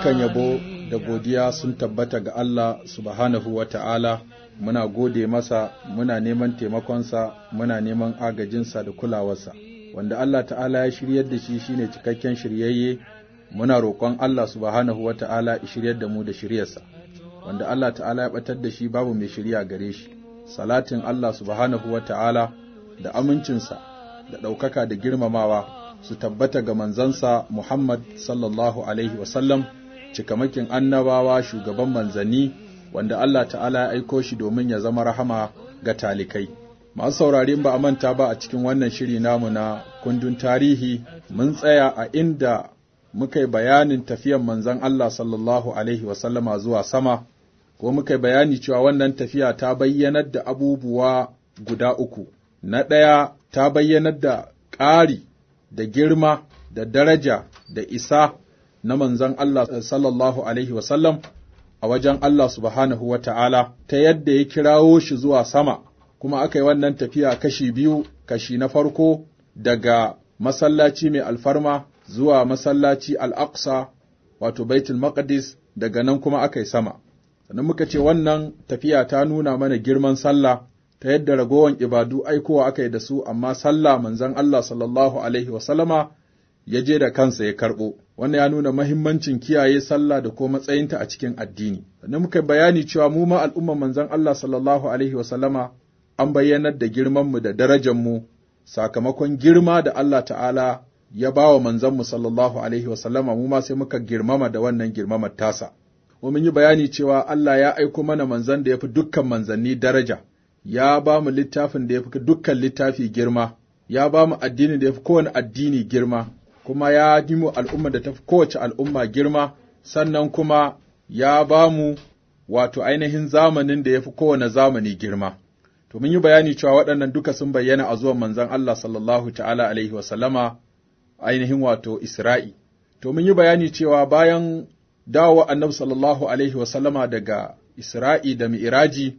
dukkan yabo da godiya sun tabbata ga Allah subhanahu wa ta'ala, muna gode masa, muna neman taimakonsa, muna neman agajinsa da kulawarsa, wanda Allah ta'ala ya shiryar da shi shine cikakken shiryayye, muna roƙon Allah subhanahu wa ta'ala shiryar da mu da shiryarsa, wanda Allah ta'ala ya ɓatar da shi babu mai shirya gare shi, salatin Allah subhanahu wa ta'ala da amincinsa, da ɗaukaka da girmamawa su tabbata ga manzansa Muhammad sallallahu alaihi wasallam. cikamakin annabawa shugaban manzanni wanda Allah ta'ala ya aiko shi domin ya zama rahama ga talikai. Masu saurari ba a manta ba a cikin wannan shiri namu na kundin tarihi mun tsaya a inda muka bayanin tafiyan manzan Allah sallallahu Alaihi wasallama zuwa sama, ko muka bayani cewa wannan tafiya ta bayyanar da abubuwa guda uku. Na ɗaya ta bayyanar da ƙari da girma da daraja da isa na manzon Allah sallallahu alaihi wasallam a wajen Allah subhanahu wa ta'ala ta yadda ya kirawo shi zuwa sama, kuma aka yi wannan tafiya kashi biyu, kashi na farko daga masallaci mai alfarma zuwa masallaci al'aqsa wato Baitul Maqdis daga nan kuma aka yi sama. Sannan muka ce wannan tafiya ta nuna mana girman sallah ta yadda ragowan ibadu aikowa aka yi da su, amma sallah manzon Allah sallallahu Alaihi wasallama ya je da kansa ya karɓo. Wannan ya nuna mahimmancin kiyaye sallah da ko matsayinta a cikin addini. Sannan muka bayani cewa mu ma al'umman manzon Allah sallallahu alaihi wa an bayyanar da girmanmu da mu sakamakon girma da Allah ta'ala ya ba wa manzanmu sallallahu alaihi wa mu ma sai muka girmama da wannan girmamar tasa. mun yi bayani cewa Allah ya aiko mana manzan da ya fi dukkan manzanni daraja, ya ba mu littafin da ya fi dukkan littafi girma, ya ba mu addini da ya fi kowane addini girma, kuma ya mu al'umma da ta kowace al'umma girma, sannan kuma ya ba mu wato ainihin zamanin da ya fi kowane zamani girma. To mun yi bayani cewa waɗannan duka sun bayyana a zuwan manzan Allah sallallahu ta'ala alaihi wa ainihin wato Isra'i. To mun yi bayani cewa bayan dawo annabi sallallahu alaihi wa daga Isra'i da Mi'iraji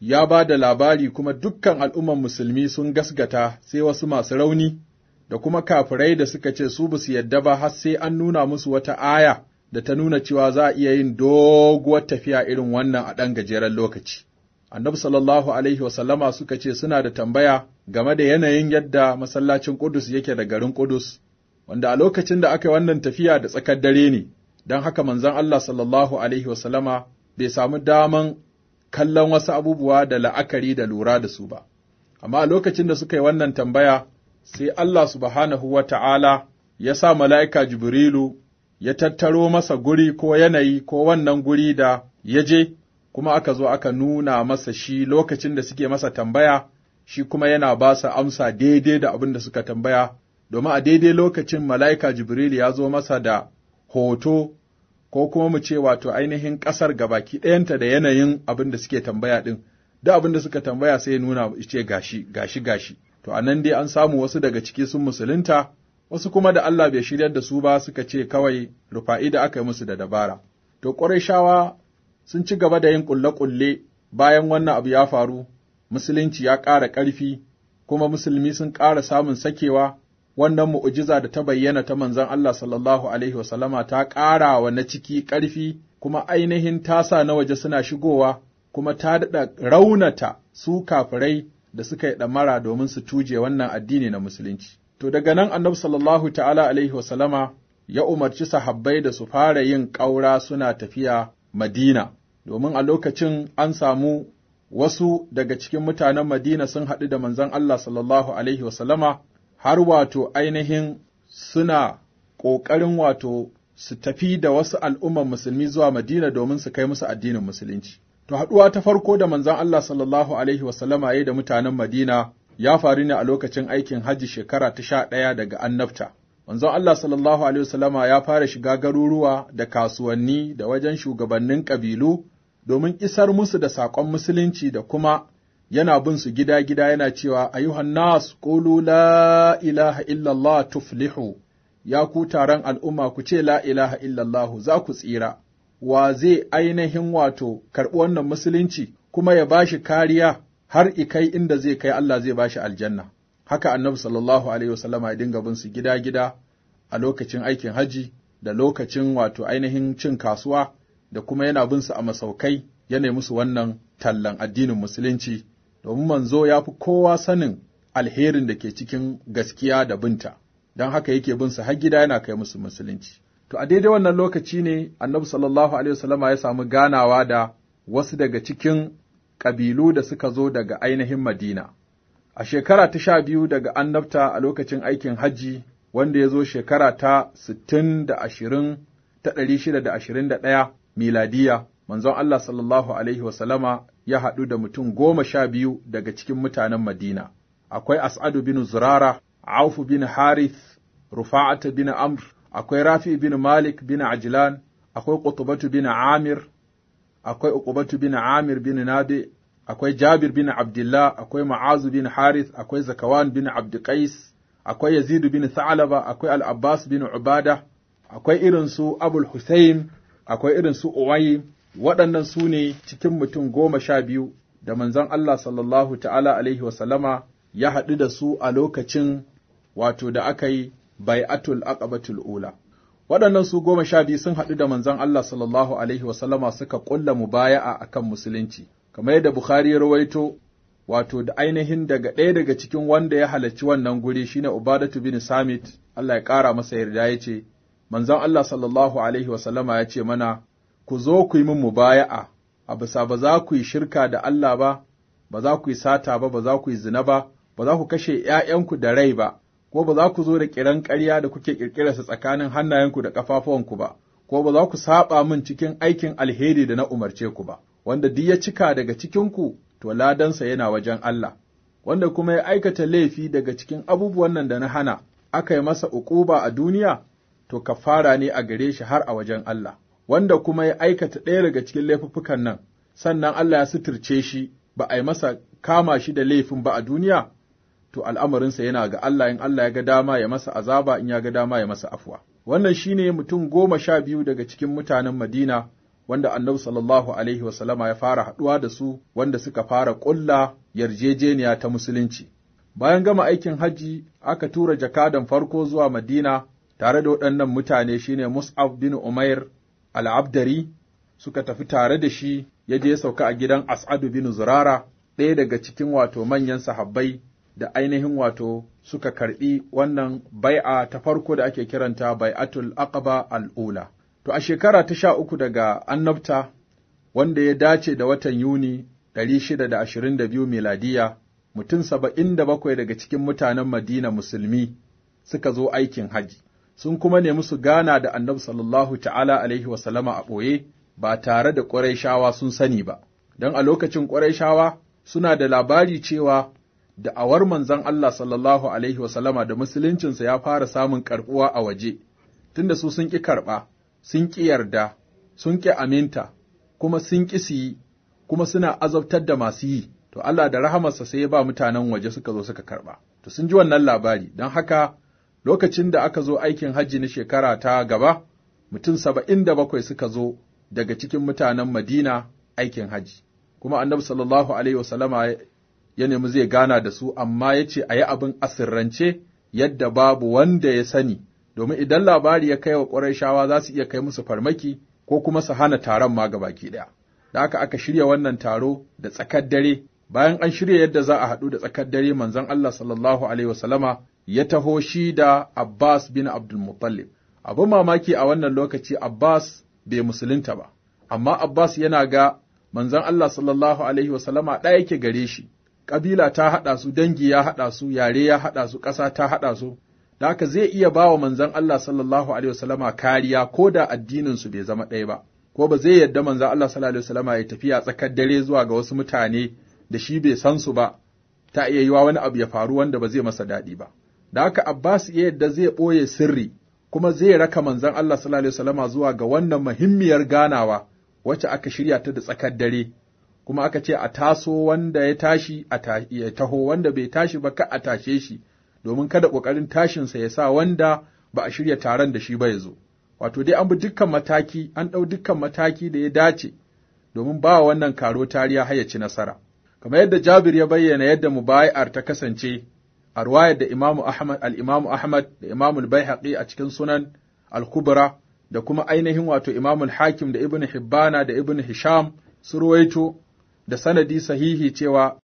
ya ba da labari kuma dukkan al'umman musulmi sun gasgata sai wasu masu rauni da kuma kafirai da suka ce su basu yadda ba har sai an nuna musu wata aya da ta nuna cewa za a iya yin doguwar tafiya irin wannan a ɗan gajeren lokaci. Annabi sallallahu alaihi wasallama suka ce suna da tambaya game da yanayin yadda masallacin Ƙudus yake da garin Ƙudus, wanda a lokacin da aka yi wannan tafiya da tsakar dare ne, don haka manzon Allah sallallahu alaihi wasallama bai samu daman kallon wasu abubuwa da la'akari da lura da su ba. Amma a lokacin da suka yi wannan tambaya, sai Allah subhanahu wa ta'ala ya sa mala'ika Jibrilu ya tattaro masa guri ko yanayi ko wannan guri da ya je, kuma aka zo aka nuna masa shi lokacin da suke masa tambaya, shi kuma yana ba su amsa daidai da abin da suka tambaya, domin a daidai lokacin mala'ika Jibrilu ya zo masa da hoto ko kuma mu ce wato ainihin ƙasar ga baki ɗayanta da yanayin abin da suke tambaya ɗin, da abin da suka tambaya sai nuna ce gashi, gashi, gashi. to a nan dai an samu wasu daga ciki sun musulunta, wasu kuma da Allah bai shiryar da su ba suka ce kawai rufa'i da aka yi musu da dabara. To shawa sun ci gaba da yin ƙulle-ƙulle bayan wannan abu ya faru, musulunci ya ƙara ƙarfi, kuma musulmi sun ƙara samun sakewa, wannan mu'ujiza da ta bayyana ta manzon Allah sallallahu alaihi wasallama ta ƙara wa na ciki ƙarfi, kuma ainihin tasa na waje suna shigowa, kuma ta daɗa raunata su kafirai da suka yi ɗamara domin su tuje wannan addini na musulunci. To daga nan annabi sallallahu ta'ala alaihi wasallama ya umarci sahabbai da su fara yin ƙaura suna tafiya Madina, domin a lokacin an samu wasu daga cikin mutanen Madina sun haɗu da manzon Allah sallallahu alaihi wasallama har wato ainihin suna ƙoƙarin wato su tafi da wasu al'umman musulmi zuwa Madina domin su kai musu addinin musulunci. To haɗuwa ta farko da manzan Allah sallallahu alaihi wasallama ya da mutanen Madina ya faru ne a lokacin aikin hajji shekara ta sha ɗaya daga annabta. Manzon Allah sallallahu alaihi wasallama ya fara shiga garuruwa da kasuwanni da wajen shugabannin ƙabilu domin isar musu da saƙon musulunci da kuma yana bin su gida-gida yana cewa ayyuhan nas qulu la ilaha illallah tuflihu ya ku taron al'umma ku ce la ilaha illallah za ku tsira wa zai ainihin wato karɓi wannan musulunci kuma ya bashi kariya har ikai inda zai kai Allah zai bashi aljanna. Haka annabi sallallahu alaihi wasallama ya dinga bin su gida-gida a lokacin aikin haji da lokacin wato ainihin cin kasuwa da kuma yana bin su a masaukai yana musu wannan tallan addinin musulunci domin manzo ya fi kowa sanin alherin da ke cikin gaskiya da binta don haka yake bin su har gida yana kai musu musulunci. To a daidai wannan lokaci ne Annabi sallallahu alaihi wasallama ya samu ganawa da wasu daga cikin ƙabilu da suka zo daga ainihin Madina. A shekara ta sha biyu daga annabta a lokacin aikin hajji wanda ya zo shekara ta sittin da ta ɗari shida da ashirin da ɗaya miladiya, manzon Allah sallallahu alaihi wasallama ya haɗu da mutum goma sha biyu daga cikin mutanen Madina. Akwai As'adu bin Zurara, Aufu bin Harith, Rufa'atu bin Amr, akwai Rafi bin Malik bin Ajilan. akwai Qutbatu bin Amir, akwai Uqbatu bin Amir bin Nabi, akwai Jabir bin Abdullah, akwai Ma'azu bin Harith, akwai Zakawan bin Abdulqais, akwai Yazidu bin Sa'alaba, akwai Al-Abbas bin Ubada, akwai irin su Abul Hussein, akwai irin su Uwayi, waɗannan su ne cikin mutum goma sha biyu da manzon Allah sallallahu ta'ala alaihi sallama ya haɗu da su a lokacin wato da aka yi bai'atul aqabatul ula waɗannan su goma sha biyu sun haɗu da manzon Allah sallallahu alaihi sallama suka ƙulla mubaya'a akan musulunci kamar yadda Bukhari ya rawaito wato da ainihin daga ɗaya daga cikin wanda ya halarci wannan guri shine Ubadatu bin Samit Allah ya ƙara masa yarda ya ce manzon Allah sallallahu alaihi ya ce mana ku zo ku yi min mubaya'a a bisa ba za ku yi shirka da Allah ba ba za ku yi sata ba ba za ku yi zina ba ba za ku kashe ’ya'yanku da rai ba, ko ba za ku zo da kiran ƙarya da kuke ƙirƙirarsa tsakanin hannayenku da ƙafafuwanku ba, ko ba za ku saɓa min cikin aikin alheri da na umarce ku ba, wanda duk ya cika daga cikinku, to ladansa yana wajen Allah, wanda kuma ya aikata laifi daga cikin abubuwan nan da na hana, aka yi masa uquba a duniya, to kafara ne a gare shi har a wajen Allah, wanda kuma ya aikata ɗaya daga cikin laifuffukan nan, sannan Allah ya suturce shi, ba a yi masa kama shi da laifin ba a duniya, to al'amarinsa yana ga Allah in Allah ya ga dama ya masa azaba in ya ga dama ya masa afuwa. Wannan shi ne mutum goma sha biyu daga cikin mutanen Madina wanda annabi sallallahu alaihi wasallama ya fara haɗuwa da su wanda suka fara ƙulla yarjejeniya ta musulunci. Bayan gama aikin hajji aka tura jakadan farko zuwa Madina tare da waɗannan mutane shi ne Mus'ab bin Umair al-Abdari suka tafi tare da shi ya je sauka a gidan As'adu bin Zurara ɗaya daga cikin wato manyan sahabbai da ainihin wato suka karɓi wannan bai'a ta farko da ake kiranta bai'atul aqaba al'ula. To a shekara ta sha uku daga annabta wanda ya dace da watan Yuni ɗari shida da ashirin da biyu miladiya, mutum saba'in da bakwai daga cikin mutanen Madina musulmi suka zo aikin haji. Sun kuma nemi su gana da annabi sallallahu ta'ala alaihi wasallama a ɓoye ba tare da ƙwarai shawa sun sani ba, don a lokacin ƙwarai shawa suna da labari cewa Da'awar awar manzon Allah sallallahu alaihi wasallama da musuluncinsa ya fara samun karɓuwa a waje, tunda su sun ƙi karɓa, sun ƙi yarda, sun ƙi aminta, kuma sun ƙi su kuma suna azabtar da masu yi, to Allah da rahamarsa sai ya ba mutanen waje suka zo suka karɓa. To sun ji wannan labari, don haka lokacin da aka zo aikin hajji na shekara ta gaba, mutum saba'in da bakwai suka zo daga cikin mutanen Madina aikin hajji. Kuma annabi sallallahu alaihi wasallama ya nemi zai gana da su, amma ya ce a yi abin asirrance yadda babu wanda ya sani, domin idan labari ya kai wa ƙwarai za su iya kai musu farmaki ko kuma su hana taron ma baki ɗaya. Da haka aka shirya wannan taro da tsakar dare, bayan an shirya yadda za a haɗu da tsakar dare manzon Allah sallallahu alaihi wasallama ya taho shi da Abbas bin Abdul Abin mamaki a wannan lokaci Abbas bai musulunta ba, amma Abbas yana ga manzon Allah sallallahu alaihi wasallama ɗaya yake gare shi, ƙabila ta haɗa su, dangi ya haɗa su, yare ya haɗa su, ƙasa ta haɗa su, da haka zai iya ba wa manzan Allah sallallahu Alaihi wasallama kariya ko da addinin su bai zama ɗaya ba, ko ba zai yadda manzan Allah sallallahu Alaihi wasallama ya tafiya tsakar dare zuwa ga wasu mutane da shi bai san su ba, ta iya yiwa wani abu ya faru wanda ba zai masa daɗi ba. Da haka Abbas iya yadda zai ɓoye sirri, kuma zai raka manzan Allah sallallahu Alaihi wasallama zuwa ga wannan muhimmiyar ganawa wacce aka shirya ta da tsakar dare, kuma aka ce a taso wanda ya tashi ya taho wanda bai tashi ba ka a tashe shi domin kada ƙoƙarin tashinsa ya sa wanda ba a shirya taron da shi ba ya zo wato dai an bi dukkan mataki an ɗau dukkan mataki da ya dace domin ba wannan karo tariya har ya ci nasara kamar yadda Jabir ya bayyana yadda mubayar ta kasance a ruwayar da Imamu Ahmad al-Imamu Ahmad da Imamu al-Baihaqi a cikin Sunan al-Kubra da kuma ainihin wato Imamu hakim da Ibn Hibbana da Ibn Hisham su ruwaito da sanadi sahihi cewa